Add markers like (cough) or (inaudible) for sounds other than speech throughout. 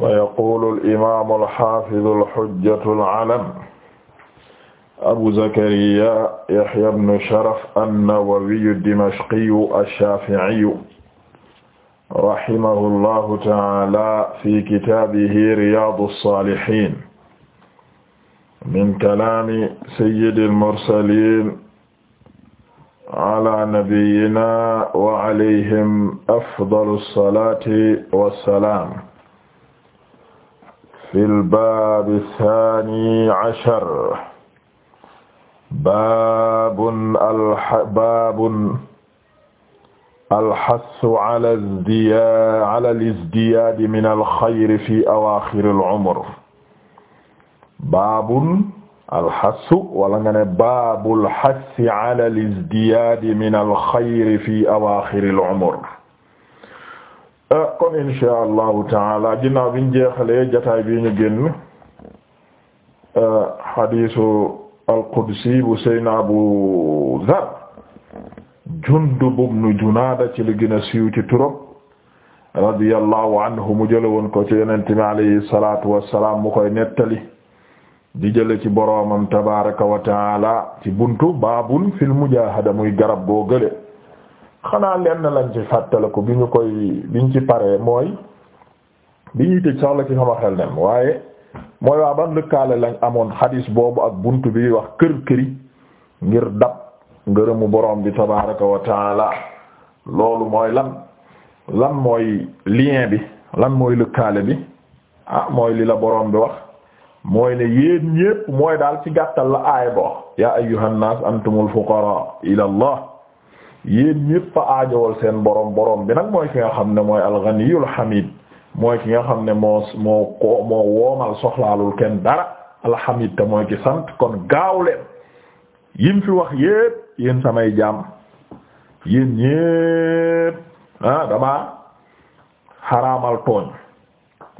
wa yaqulu al-imaamu al-haafidu al-hujjatu al-alam abu zakariya yahya ibnu sharaf an-nawawiyu ad-dimashqiyu ash-shaafi'iyu rahimahu llahu ta'aala fi kitaabihi riyaadu s-saalihiin min kalaami sayyidi l-mursaliin alaa nabiyyinaa wa alayhim afdalu s-salaati wa s-salaam fil baabi saani cashar baabun alxa baabun alxassu cala zdiyaa cala lizdiyaadi minal xayri fi awaaxiril cumur baabun alxassu wala nga ne baabul xassi cala lizdiyaadi minal xayri fi awaaxiril cumur Euh, kon insha allahu taala ginnaaw biñ jeexal jataay bi ñu génn xadiisu euh, al-Qudsi bu Seydina Abu Zar Jundub ibn Junaada ci li gën a siiw ci turam radiyallahu anhu mu jële woon ko ci Yonent bi alayhi salaatu wassalaam mu koy nettali di jële ci boroomam tabaaraka wa taala ci buntu baabun fil mujaahada muy garab boo gële xanaa lenn lañ ci fàttaliku bi ñu koy biñ ci paree mooy bi ñuy tëj sax la ci sama xel nem waaye mooy waa ban lëkkaale lañ amoon xadis boobu ak bunt bi wax kër këri ngir dab ngërëmu borom bi tabaraka wa taala loolu mooy lan lan mooy lien bi lan mooy lëkkaale bi ah mooy li la borom bi wax mooy ne yéen ñépp mooy daal ci gàttal la aaya ba wax yaa ayyuhan nas antumul fuqara ila yéen ñépp a aajowal seen borom boroom bi nag mooy ki nga xam ne mooy alganiyul hamid mooy ki nga xam ne moo moo ko moo woomal soxlaalul kenn dara alhamid te mooy ki sant kon gaaw leen yim fi wax yépp yéen samay jaam yéen ñépp ah, dama damaa xaraamal tooñ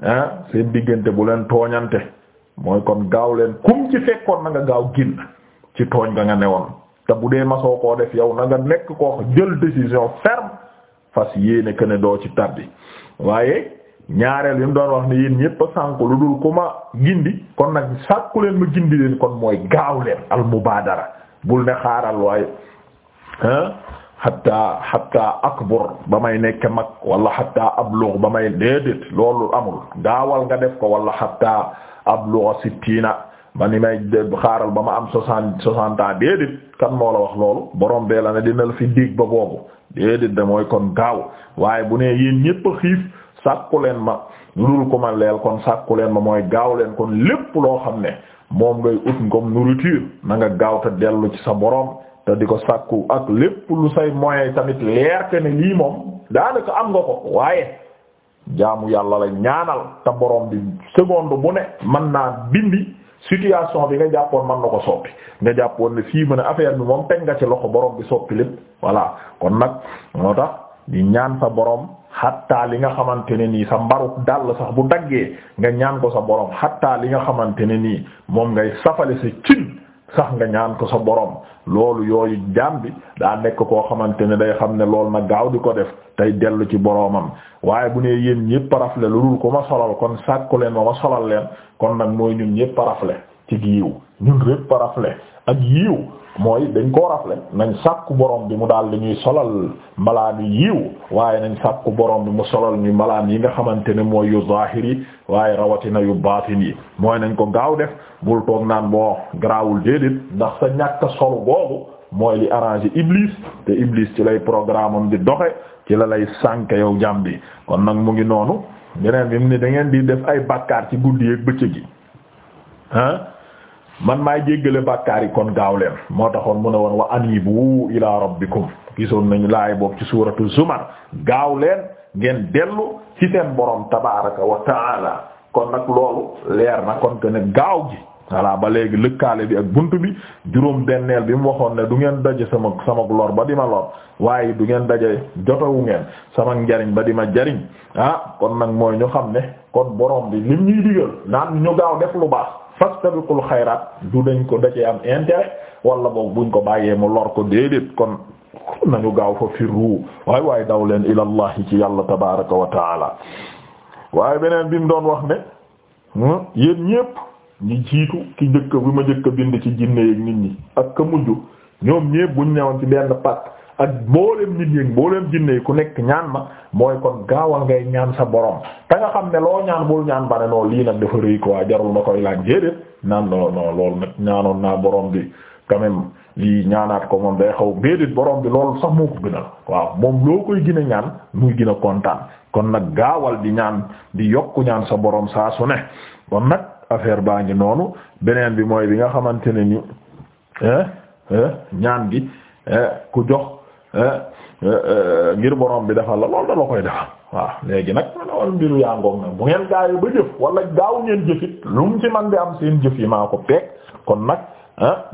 ah, seen diggante bu leen tooñante mooy kon gaaw leen kum ci fekkoon na nga gaaw génn ci tooñ nga nga newoon te bu dee masoo koo def yow na nga nekk koo jël décision ferme fas yéene que ne doo ci tàbbi waaye ñaareel bi mu doon wax ne yéen ñépp a sànku lu dul ku ma gindi kon nag sàkku leen ma gindi leen kon mooy gaaw leen al mubaadara bul ne xaaral waaye ah hatta hatta akbur ba may nekk mag wala hatta ablugh ba may déedéet loolu amul gaawal nga def ko wala hatta ablugh sittina ba ni may xaaral ba ma am soixante soixante ans déedéet. kan moo la wax loolu borom bee la ne dina la fi dig ba boobu déedéet da mooy kon gaaw waaye bu nee yéen ñépp a xiif sàkku leen ma lu dul ko ma leel kon sàkku leen ma mooy gaaw leen kon lépp loo xam ne moom ngay ut comme nourriture na nga gaaw te dellu ci sa boroom te di ko sàkku ak lépp lu say moyens tamit leer ke ne lii moom daanaka am nga ko waaye jaamu yàlla la ñaanal te borom bi seconde bu ne mën naa bindi. situation bi nga jàppoon man na ko soppi nga jàppoon ne fii mën a affaire bi moom teg nga ci loxo borom bi soppi lépp voilà kon nag moo tax di ñaan sa borom xatta li nga xamante ne nii sa mbaruk dàll sax bu daggee nga ñaan ko sa boroom xatta li nga xamante ne nii moom ngay safale sa cin sax nga ñaan ko sa borom loolu yooyu jaam bi daa nekk koo xamante ne day xam ne loolu na gaaw di ko def tey dellu ci boromam waaye bu ne yéen ñépp parafle lu dul ko ma solal kon sàkku leen ma ma solal leen kon nag mooy ñun ñépp parafle ci yiw ñun répp rafle ak yiw mooy dañ koo rafle nañ sàkku borom bi mu daal li ñuy solal malaan yi yiw waaye nañ sàkku borom bi mu solal ñu malaan yi nga xamante ne mooy yu zahir yi waaye rawatina yu baatin yi mooy nañ ko gaaw def bul toog naan boo garaawul déedéet ndax sa ñàkk solu boobu mooy li arrangé iblis te iblis ci lay programme am di doxe ci la lay sànk yow jàmm bi kon nag mu ngi noonu beneen bi mu ne da ngeen di def ay bàkkaar ci guddi ak bëccëg man maay jéggale bàkkaar yi kon gaaw leen moo taxoon mu ne woon wa anibu ila rabbikum gisoon nañu laay boobu ci suuratu zumar gaaw leen ngeen dellu ci seen boroom tabaaraka wa taala kon nag loolu leer na kon que ne gaaw gi voilà ba léegi lëkkaale bi ak bunt bi juróom benneel bi mu waxoon ne du ngeen daje sama sama lor ba di ma lor waaye du ngeen daje jotawu ngeen sama njariñ ba di ma jariñ ah kon nag mooy ñu xam ne kon borom bi lim ñuy digal def lu baax fastabiqul xayraat du dañ ko dacee am intérêt wala boog buñ ko bàggee mu lor ko déedéet kon nañu gaaw fa firru waay waaye daw leen ila allah ci yàlla tabaraka wa taala waaye beneen bi mu doon wax ne hmm, yéen ñépp ñi jiitu ki njëkk bi ma njëkk bind ci jinne yeek ñi ak ka mujj ñoom ñépp buñ newoon ci benn pàkk ak mboolem nit ñi mboolem jinne ku nekk ñaan ma mooy kon gaawal ngay ñaan sa borom te nga xam ne loo ñaan bul ñaan ba ne noonu lii nag dafa rëy quoi jarul ma koy laaj déedéet naan non non loolu nag ñaanoon naa borom bi quand même lii ñaanaat ko moom day xaw déedéet borom bi loolu sax moo ko gënal waaw moom loo koy gën a ñaan muy gën a kontaan kon nag gaawal di ñaan di yokku ñaan sa borom saa su ne kon nag affaire baa ngi noonu beneen bi mooy bi nga xamante ne ni eh, eh, ñaan gi eh, ku jox. Eh? Eh, eh, ngir borom bi defal la loolu da la koy defal waaw léegi nag loolu mbiru yaa ngoog nag bu ngeen gaayu ba jëf wala gaaw ngeen jëfit lu mu ci man di am seen jëf yi maa ko peeg kon nag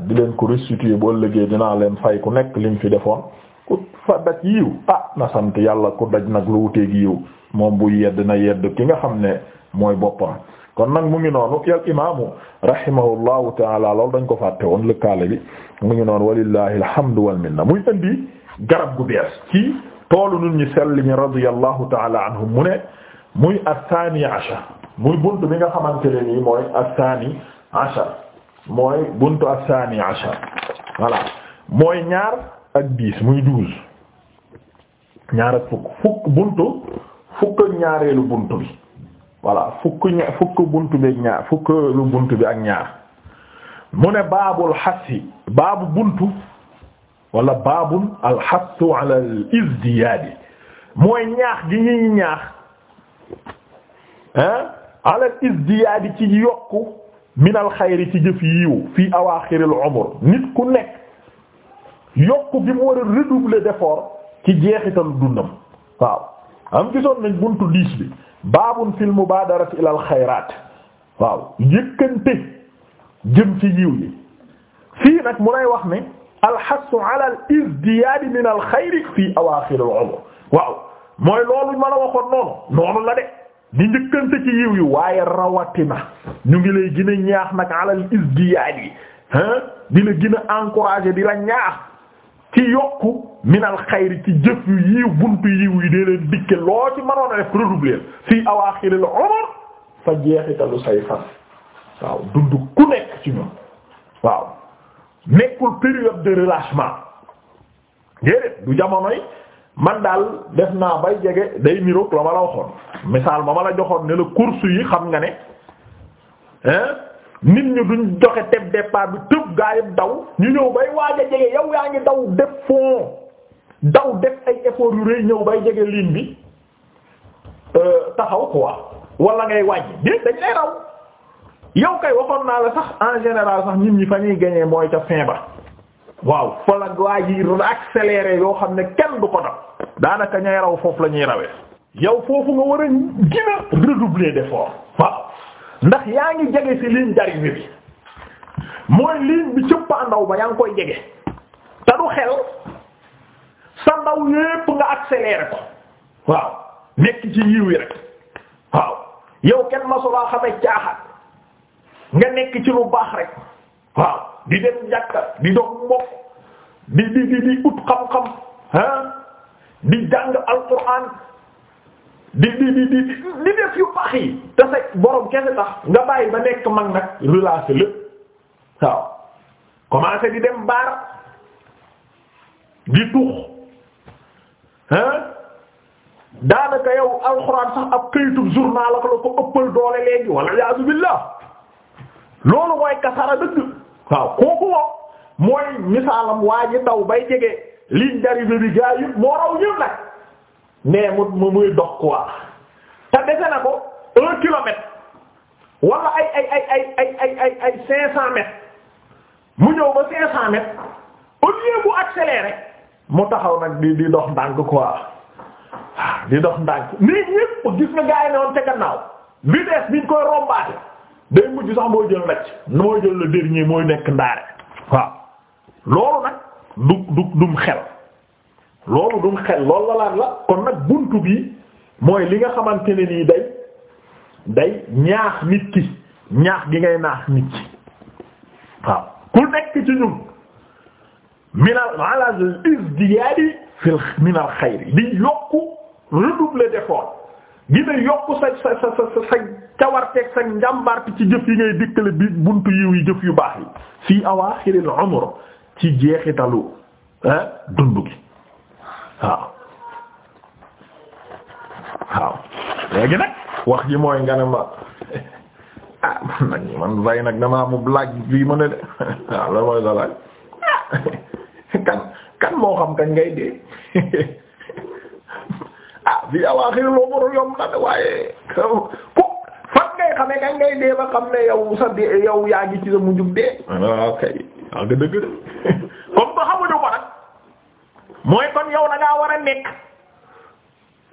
di leen ko restituer boo ëllëgee dinaa leen fay ku nekk lim fi defoon ku fa daj yiw ah na sant yàlla ku daj nag lu wuteeg yiw moom bu yedd na yedd ki nga xam ne mooy boppam kon nag mu ngi noonu yal imaamu rahimahullahu taala lool dañ ko fàtte woon lëkkaale bi mu ngi noonu walillahi alhamdu wal minna muy indi garab gu bees ci toolu nun ñi sell ñi radiyallahu taala anhum mu ne muy as-saani ashar muy bunt bi nga xamante ne nii mooy as-saani ashar mooy buntu as-saani ashar voilà mooy ñaar ak dix muy douze ñaar fukk fukk buntu fukk ñaareelu buntu bi voilà fukk buntu bi ak ñaar fukk baabul xasi baabu buntu wala baabun alxattu ala al mooy ñaax gi ñuy ñaax ah ala al ci yokku min al ci jëf yiw fii awaaxiril umr nit ku nekk yokk gi mu war a redoubler d'effort ci jeexitalu dundam waaw am gisoon nañ buntu diis bi baabun fil mubaadarati ila al waaw yëkkante jëm ci yiw yi fii nag mu lay wax ne. alxassu ala al izdiyaadi min al xayri fii awaaxir al umr waaw mooy loolu ma la waxoon noonu noonu la de di njëkkante ci yiw waaye rawatina ñu ngi lay gën ñaax nag ala al izdiyaadi hein di la gën a di la ñaax ki yokku min al xayri ci jëf yu yiw buntu yiw yi dee leen dikke loo ci mënoon a def redoubler fii awaaxir al umr fa jeexitalu say fan waaw dund ku nekk ci nekkul période de relâchement déedéet du jamonoy man daal def naa bay jege day niroog la ma la waxoon misaal ma ma la joxoon ne la course yi xam nga ne nit ñi duñ joxe teb départ bi tëb gaa daw ñu ñëw bay waaj a jege yow yaa ngi daw def fond daw def ay effort yu rëy ñëw bay jege ligne bi euh, taxaw quoi wala ngay wàññi déet dañ lay raw. yow kay waxoon naa la sax en général sax ñun ñi fa ñuy gañee mooy ca fin ba waaw fa la waa ji accéléré yoo xam ne kenn du ko dab daanaka ñay raw foofu la ñuy rawee yow foofu nga war a gën a redoubler d'effort waaw ndax yaa ngi jege ci ligne d'arrivée bi mooy ligne bi cëppa ndaw ba yaa ngi koy jege te du xel sa ndaw yépp nga accéléré ko waaw nekk ci yiw yi rek waaw yow kenn masolaa xamee caaxaan nga nekk ci lu baax rek waaw di dem njàkka di dox mbokk di di di di ut xam-xam ah di jàng alquran di di di di di def yu baax yi te sa borom kese tax nga bàyyi ba nekk mag nag relâché lépp waaw commencé di dem baar di tux ah daanaka yow alquran sax ab këyitub journal la ko ëppal doole léegi wala yaazu billah loolu mooy kasara dëgg waaw kooku moom mooy misaalam waa ji daw bay jege ligne d'arrivée bi gaa yi moo raw ñëw nag mais mu mu muy dox quoi te dese na ko un kilomètre wala ay ay ay ay ay ay ay ay cinq cent mu ñëw ba cinq cent mètres au lieu bu mu taxaw nag di di dox ndànk quoi di dox ndànk nii ñépp gis nga gaa ne woon gannaaw vitesse biñ koy rombaate day mujj sax mooy jël nacc mooy jël le dernier mooy nekk ndaare waaw loolu nag du du dum xel loolu dum xel loolu la laan la kon nag buntu bi mooy li nga xamante ne nii day day ñaax nit ki ñaax gi ngay naax nit ki waaw ku nekk ci ñun minal ala isdiyaadi fil minal xayri di yokku redoubler d'effort gina yokku sa sa sa sa cawarteeg sa njàmbaarte ci jëf yi ngay dikkale bi buntu yiw yi jëf yu baax yi fii awaaxiril umr ci jeexitalu dund gi waaw waaw léegi nag wax ji mooy nga ne ma (laughs) ah man nag man vay nag damaa mu laaj bii mën a de (laughs) waaw loolu mooy sa laaj ah, (laughs) kan kan moo xam kañ ngay dee ah awaaxiril umr yomb na waaye ngay xamee kañ ngay dee ba xam ne yow sa dee yow yaa ngi sa mujjug dee. waaw kay yaa ah, ngi dëgg de (laughs) comme que mooy kon yow da ngaa war nekk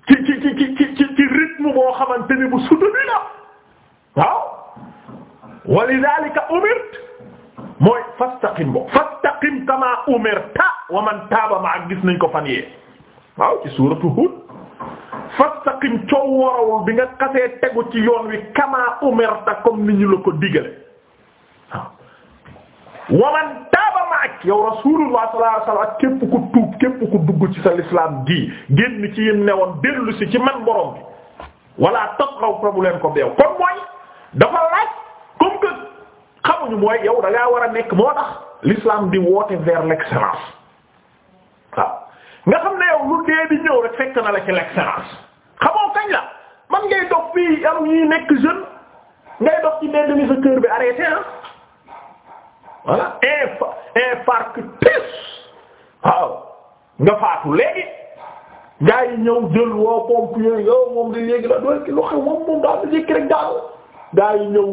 ci ci ci ci ci ci rythme boo xamante ni bu soutenu la waaw. wa lidhalika mooy fastaqim bo fastaqim kama umirta wa man taaba ma ak gis nañ ko fan yee waaw ci suuratu Hud fastaqim bi nga xasee tegu ci comme ni ñu la ko digale waaw waman taaba maak yow rasulullah sallallahu alaihi wasallam képp ku tuub képp ku dugg ci sa lislaam gi génn ci yim newoon dellu ci man borom bi wala taqaw problème ko beew kon mooy dafa laaj comme que xamuñu mooy yow da war a nekk moo tax l'islam bi woote vers l'excellence waaw nga xam ne yow lu dee di ñëw rek fekk na la ci l'excellence kañ la man ngay dox fii am ñuy nekk jeune ngay dox ci mbedd mi sa kër bi arrêté ah voilà infarctus waaw nga faatu léegi gaa yi ñëw jël woo pompier yow moom da léegi la dool ki lu xew moom moom daal da jékki rek daal gaa yi ñëw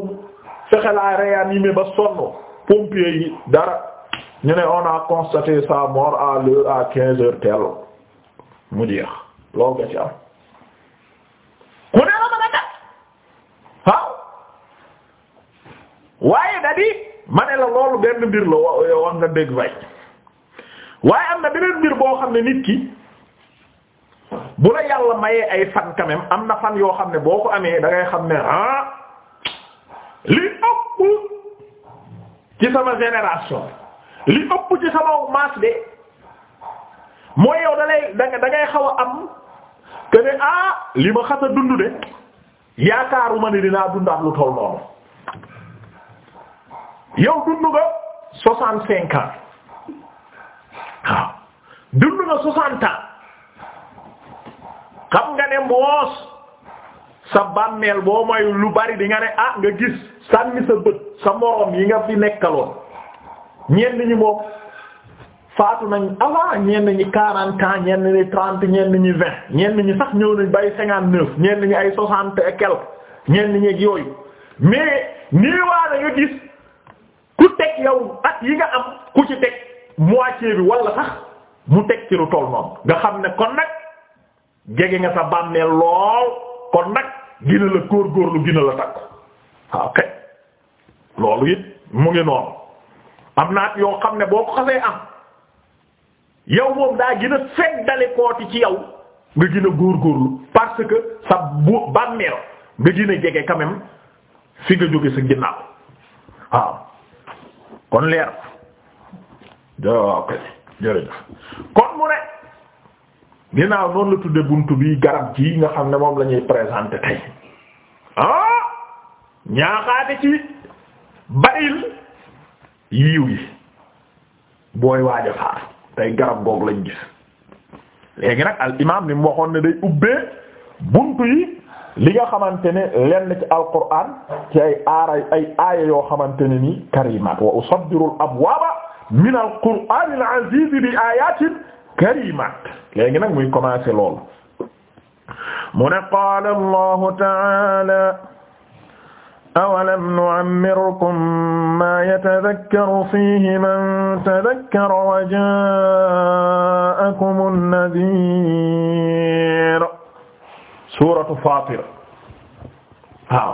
fexe laa réanimé ba sonn pompier yi dara ñu ne on a constaté sa mort à l'heure à quinze heures telle mu jeex loolu nga am mane la loolu benn mbir la wax nga dégg fay waaye am na beneen mbir boo xam ne nit ki bu la yàlla mayee ay fan quand am na fan yoo xam ne boo ko amee dangay xam ne ah li ëpp ci sama génération li ëpp ci sama masse de mooy yow da dangay da xaw a am que ne ah li ma xas dund de yaakaaruma ni dinaa dund ak lu toll noonu. yow dund nga soixante cinq ans waaw nga soixante ans xam nga ne moos sa bàmmeel boo may lu bari di nga ne ah nga gis sànni sa bët sa moroom yi nga fi nekkaloon ñenn ñi moom faatu nañ avant ñenn ñi quarante ans ñenn ñi trente ñenn ñi vingt ñenn ñi sax ñëw nañ bay cinquante neuf ñenn ñi ay soixante et quelque ñenn ñi ak yooyu mais nii waa na nga gis ku teg yow at yi nga am ku ci teg moitié bi wala sax mu teg ci lu toll noonu nga xam ne kon nag jege nga sa bàmmeel lool kon nag gina la góorgóorlu gina la takk waaw kay loolu it mu ngi noonu am naat yoo xam ne boo ko xasee am yow moom daa gën a feddali ci yow nga gën a góorgóorlu parce que sa bu bàmmeel nga gën jege quand fi nga jóge sa ginnaaw waaw kon leer ok kon mu ne ginnaaw noonu la tudde bunt bi garab ji nga xam ne moom la ñuy présenter tey ah ñaaxaate ci baril yiiw yi booy waaja faar tey garab goog lañ gis léegi nag al imaam ni mu waxoon ne day ubbee buntu yi li nga xamante ne lenn ci alquran ci ay aara ay aaya yoo xamante ne ni karimat wa usaddiru al abwaaba min al qur'an al aziz bi ayatin karimat léegi nag muy commencer lool mu ne qaala allahu taala awalam nu'ammirkum ma yatadhakkaru fihi man tadhakkara wa jaa'akumu an-nadhir suuratu Faatir waaw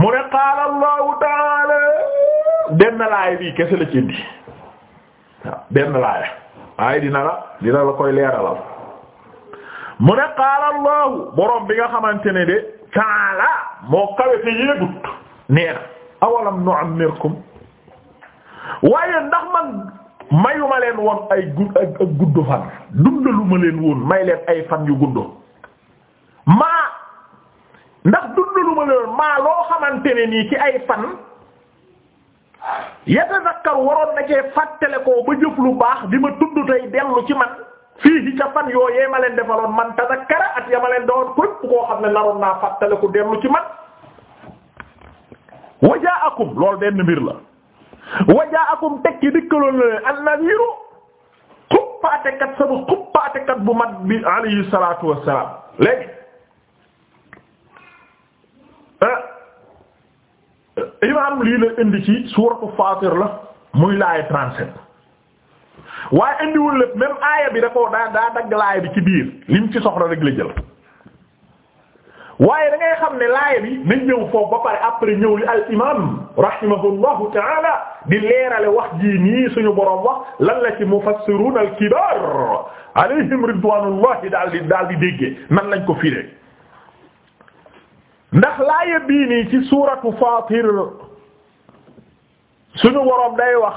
mu ne qaala Allahu ta'aala benn laaya bi kese la ci indi waaw benn laaya dina la dina la koy leeralal mu ne qaala Allahu bi nga xamante ne de ta'aala moo kawe te yéegut nee na awalam nu'ammirkum waaye ndax man mayuma leen woon ay gudd ak gudd fan dundalu leen woon may leen ay fan yu gudd maa ndax dundalu ma loolu maa loo xamante ne nii ci ay fan yatadakkar waroon na cee fàttale koo ba jëf lu baax di ma tudd tey dellu ci man fii ca fan yoo yee ma leen defaloon man tazakkara at ya ma leen doon képp koo xam ne naroon naa fàttale ku dellu ci man wajaakum loolu benn mbir la wajaakum tekki dikkaloon la leen an-nadiru xuppaatekat sama xuppaatekat bu mat bi alayhi salaatu wassalaam léegi imaam lii la indi ci suuratu Faatir la muy laaya 37 waaye indiwul lépp même aaya bi da koo dagg laaya bi ci biir lim ci soxla rek la jël waaye da ngay ne laaya bi nañ ñëw foofu ba pare après ñëw li al imaam rahimahullahu taala di leerale wax jii nii suñu boroom wax lan la ci mufassirun al kibaar alayhim ridwanullahi daal di daal di déggee nan lañ ko firee. ndax laaya bii nii ci suuratu Faatir suñu woroom day wax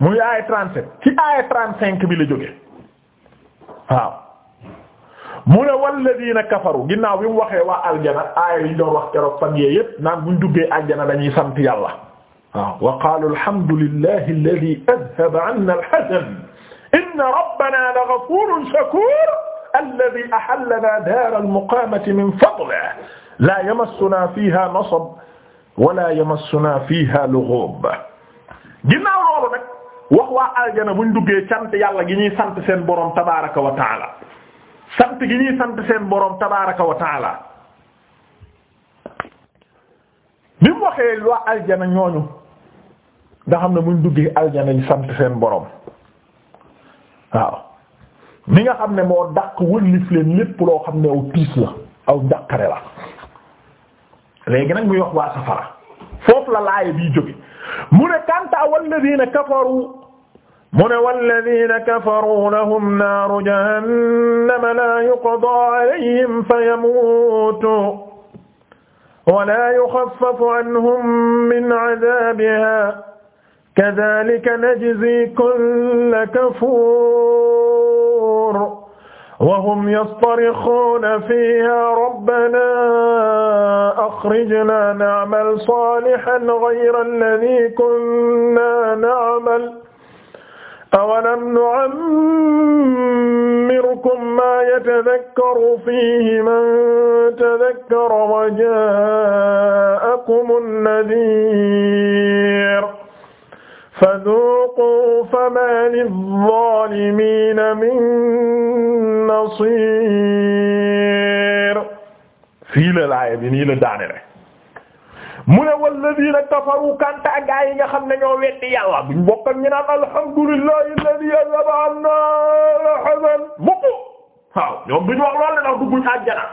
muy aaya trente-sept ci aaya trente-cinq bi la jóge waaw mu ne walladiina kafaru ginnaaw bi mu waxee waa aljana aaya yi doon wax keroog fan yee yépp naan buñ duggee aljana dañuy sant yàlla waaw wa qaalu alhamdulillahi alladhi adhaba anna alhazan inna rabbana la ghafuurun shakuur alladhi ahallana daara almuqaamati min fadlihi laa yamassuna fiha nasab wala yamassuna fiha lughub ginnaaw loolu nag wax waa aljana buñ duggee sant yàlla gi ñuy sant seen borom tabaaraka wa taala seen borom tabaaraka wa taala bi mu waxee waa aljana ñooñu nga xam ne buñ duggee aljana ñu sant seen borom waaw mi nga xam ne moo dàq wëlif leen lépp loo xam ne aw tiis la aw njàqare la léegi nag muy wax waa safara foofu la laaya biy jóge mu ne kanta walladina kafaru mu ne walladina kafaru lahum naaru jahannama la yuqda alayhim fayamuutu wala yuxaffafu anhum min adaabiha kadhalika najzi kulla kafuur وهم يصطرخون فيها ربنا أخرجنا نعمل صالحا غير الذي كنا نعمل أولم نعمركم ما يتذكر فيه من تذكر وجاءكم النذير فذوقوا فما للظالمين من نصير fii la laaya bi nii la daane rek mu ne walladina kafaru kanta gaa yi nga xam ne ñoo weddi yàlla buñ bokk ak ñu naan alhamdulillahi alladi azhaba anna al-hazan mukk waaw ñoom duñ wax loolu la ndax dugguñ àjjana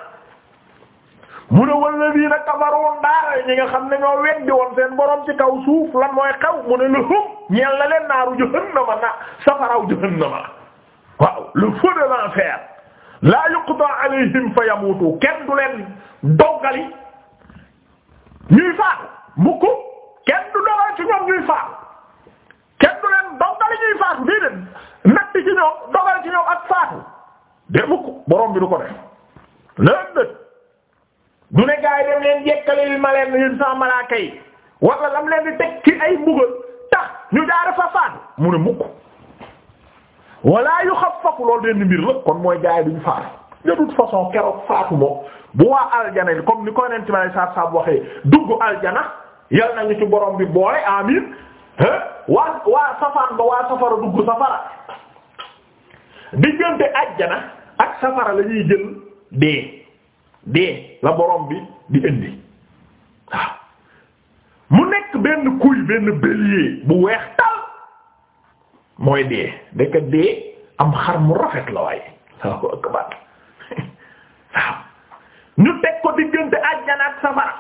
mu ne walladiina kafaru daal ñi nga xam ne ñoo weddi woon seen borom ci kaw suuf lan mooy xaw mu ne lu hum ñeel na leen naaru jahannama na safaraw jahannama waaw le feu de l'enfer la yuqda alayhim fa yamutu kenn du leen doggali ñuy faatu mukk kenn du dogal ci ñoom ñuy faatu kenn du leen doggali ñuy faatu déedéet natt ci ñoom dogal ci ñoom ak faatu de mukk borom bi du ko def leen du ne gaa yi dem leen jekkalil ma leen yéen sama malaaka yi wala lam leen di teg ci ay mbugal tax ñu daara fa faatu mu ne mukk wala yu xaffafu loolu benn mbir la kon mooy gaa yi duñ faatu de toute façon keroog faatu moom bu waa aljana yi comme ni ko neen ci ma ne saab saab waxee dugg aljana yal nañu ci borom bi boole amin waa waa safaan ba waa safara dugg safara diggante ajjana ak safara la ñuy jël dee dee la borom bi di indi waaw mu nekk benn kuy benn bélier bu weex tal mooy dee dëkk dee am xar mu rafet la waaye waaw ñu teg ko diggante àjjana ak safara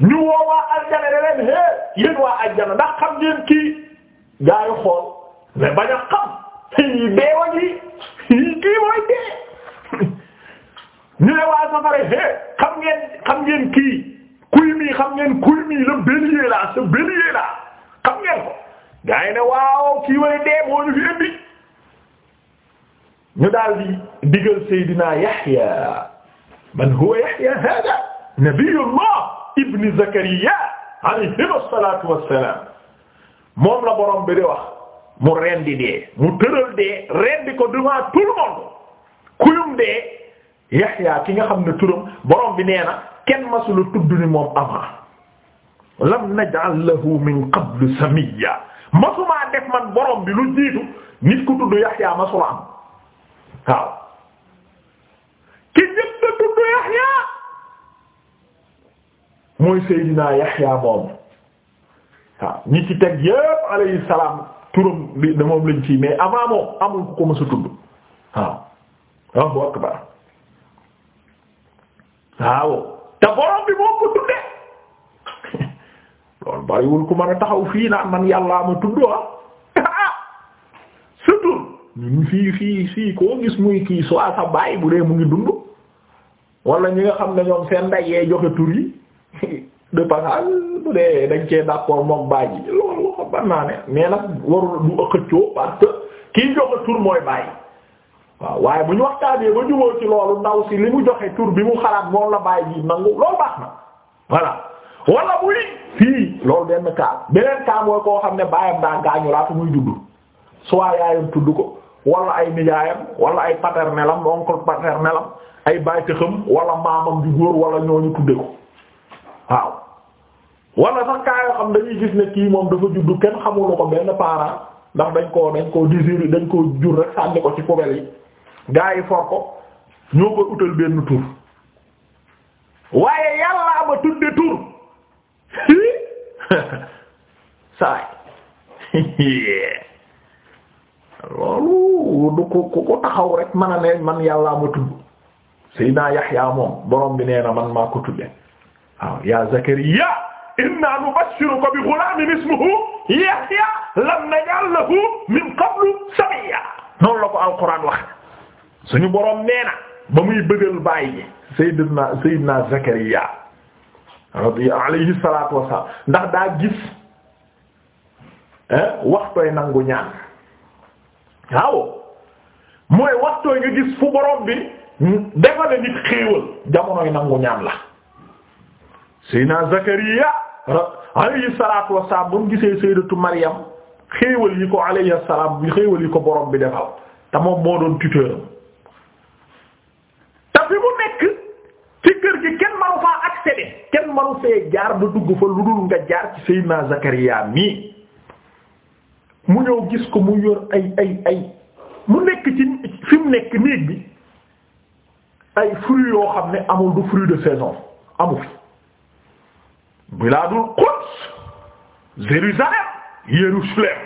ñu woo waa àjjana ne leen hé waa àjjana ndax xam ngeen kii gaayu xool mais bañ a xam yi deewa ji kii mooy dee ñu ne waa safara he xam ngeen xam ngeen kii kuy mi xam ngeen kuy mi le bélier là ce bélier là xam ngeen ko gaa yi ne waaw kii way dee moo ñu fi indi ñu daal di digal Seydina Yahya man huwa Yahya hada nabiyullah ibn Zakariya alayhi salatu wassalam moom la borom bi di wax mu rendi dee mu tëral dee rendi ko devant tout le kuyum dee Yaxya ki nga xam ne turam borom bi nee na kenn masula tudd ni moom avant lam naj'al lahu min qablu samiyya masumaa def man borom bi lu jiitu nit ku tudd Yaxya masula am waaw ki njëkk a Yaxya mooy Seydina Yaxya moom waaw ñi ci teg yépp alayhi salaam turam bi moom lañ ci mais avant moom amul ku ko mësa tudd waaw akbar waaw te borom bi moo ko (laughs) loolu bariwul ku mën a taxaw fii naan man yàllaa ma tudd ah (laughs) surtout ñun fii fii fii koo gis muy kii soo sa baay bu dee mu ngi dund wala ñi nga xam ne ñoom seen ndey yee joxe tur yi (laughs) de passage bu dee dañ cee d'accord moom baay ji loolu xam naa ne nag warul du xëccoo parce que kii joxe tur mooy baay. waaw waaye bu ñu waxtaanee ba jubóo ci loolu ndaw si li mu joxe tur bi mu xalaat moom la bàyyi ji nangu loolu baax na voilà wala muy fii loolu benn cas beneen cas mooy koo xam ne baayam daa gaañu laata muy juddu soit yaayam tudd ko wala ay nijaayam wala ay paternelam oncle paternelam ay baytëxam wala maamam ju góor wala ñooñu tudde ko waaw wala sax cas xam dañuy gis ne kii moom dafa juddu kenn xamul ko benn parent ndax dañ koo dañ koo désiré dañ koo jur rek sànni ko ci poubelle yi. gaa yi for ko ñoo koy utal benn tur waaye yàllaa ma tudde tur (laughs) saay (laughs) loolu du ko ku ko taxaw rek man a ne man yàllaa ma tudd Seydina Yaxya moom borom bi nee na man maa ko tudde waaw Zakariya inna nubashshiruka bi ghulamin ismuhu Yaxya lam naj'al lahu min qablu samiyya noonu la ko alquran wax suñu boroom nee na ba muy bëggal bàyyi ji sayyidina sayyidina Zakariya radiyallahu alayhi salaatu wasalaam ndax daa gis waxtooy nangu ñaan waaw mooy waxtooy nga gis fu boroom bi defale nit xéewal jamonoy nangu ñaan la sayyidina Zakariya alayhi salaatu wasalaam ba mu gisee sayyidatu Maryam xéewal yi ko alayhi salaam xéewal yi ko boroom bi defal te moo doon tuteuram te fi mu nekk ci kër gi kenn manu faa accéder kenn manu fee jaar ba dugg fa lu dul nga jaar ci Seydina Zakaria mii mu ñëw gis ko mu yor ay ay ay mu nekk ci fi mu nekk néeg bi ay fruits yoo xam ne amul du fruit de saison amu fi bilaadul Quds Jérusalem Yerusalem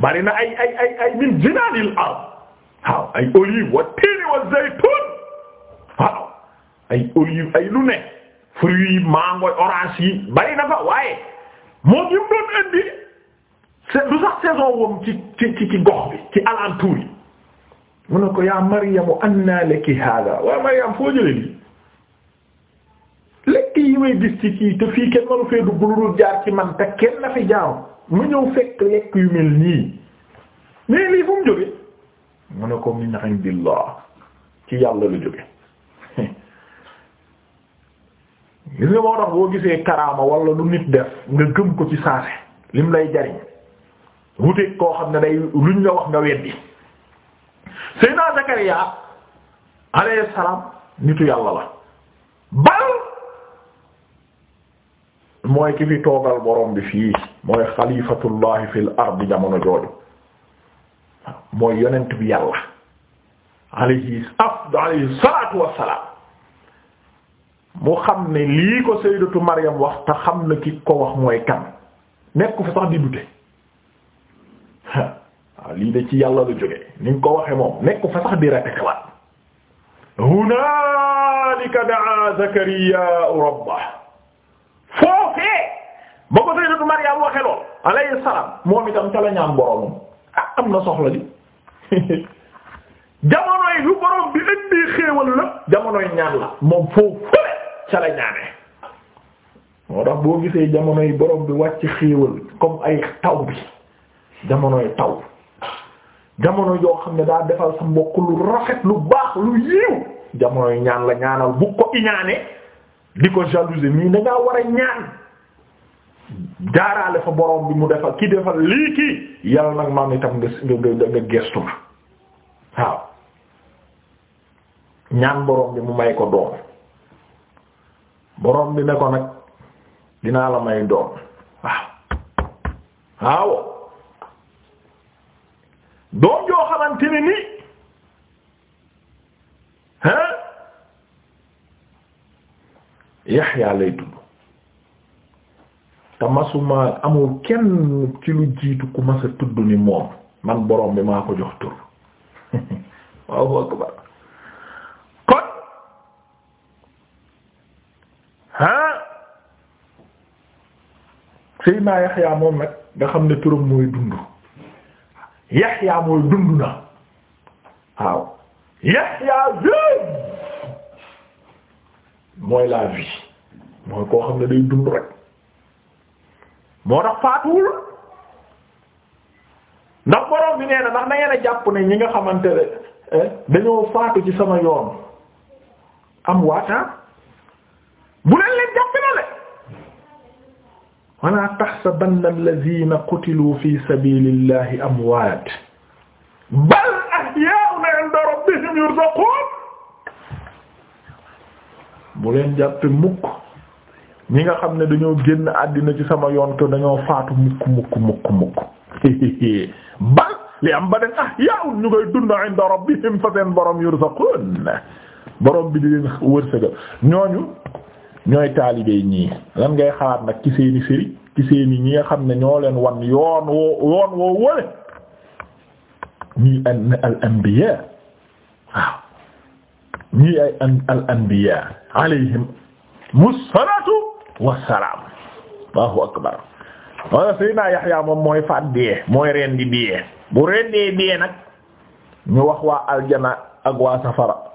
bari na ay ay ay min jinaanil ard waaw ay olive wa tiini wa zaytun ay olive ay lu ne fruits yi mango orange yi bari na fa waaye moom yi mu doon indi c'est du sax saison wom ci ci ci gox bi ci alentour yi mu ne ko yaa Maryamu anna laki hada waaw Maryam foo jëlee lii lekk yi may gis ci kii te fii kenn manu fee dugg lu dul jaar ci man te kenn na fi jaaw mu ñëw fekk lekk yu mel nii mais lii fu mu mu ne ko min indillah ci yàlla la jóge gis nga moo tax boo gisee karaama wala lu nit def nga gëm ko ci saase lim lay jariñ wuteeg koo xam ne day luñ la wax nga weddi Seydina Zakariya alayhi salaam nitu yàlla la bal mooy ki fi toogal borom bi fii mooy xalifatullahi fil ardi jamono jooju mooy yonent bi yàlla alayhi afd alayhi salaatu wassalaam mu xam ne lii ko sayyidatu Maryam wax te xam na ki ko wax mooy kan nekk fa sax di dute (laughs) waaw ci yàlla lu jóge ni nga ko waxe moom nekk ko fa sax di ratatewat hunaalika daa Zakariya rabbah foofee ba ko sayyidatu Maryam waxe alayhi salaam moom itam ca la ñaan boromam ah am na soxla li jamonoy yu borom bi indi xéewal la jamonoy ñaan la moom foofu fële ca la ñaanee moo tax boo gisee jamonoy borom bi wàcc xéewal comme ay taw bi jamonoy taw jamono yoo xam ne daa defal sa mbokk lu rafet lu baax lu yiw jamonoy ñaan la ñaanal bu ko iñaane di ko jalouser nii dangaa war a ñaan jaaraale fa borom bi mu defal ki defal lii kii yàlla nag maam itam nga nga nga gestu ma waaw ñaan borom bi mu may ko doom borom bi ne ko nag dinaa la may doom waaw waaw doom joo xamante ne ni hein Yaxya lay tudd masuma amul kenn ci lu jiitu ku mas a tudd ni moom man borom bi maa ko jox tur waaw (laughs) akbar kon ha Seydina Yaxya moom nag nga xam ne turam mooy dund Yaxya mooy dund na waaw Yaxya vie mooy la vie mooy koo xam ne day dund rek moo tax faatuwul ndax borom bi nee na ndax na a jàpp ne ñi nga xamante eh, dañoo faatu ci sama yoon am waata ah? bu leen leen jàpp na le wala tahsabanna alladhina qutilu fi sabilillahi amwaat bal ahyaa'un 'inda rabbihim yurzaqun bu leen jàppe mukk ñi nga xam ne dañoo génn àddina ci sama yoon te dañoo faatu mukk mukk mukk mukk (laughs) bal li am ba den ah yaawul ñu koy dund inda rabbihim fa seen borom yurzaqun borom bi di leen wërsëgal ñooñu ñooy taalibey ñii lan ngay xalaat nag ci seeni sëriñ ci seeni ñi nga xam ne ñoo leen wan yoon woo woo wële ñii al anbiya waaw ñii ay al anbiya alayhim mussalatu wassalaam allahu akbar wala Seydina Yaxya moom mooy faat biyee mooy rendi biyee bu rendee biyee nag ñu wax waa aljana ak waa safara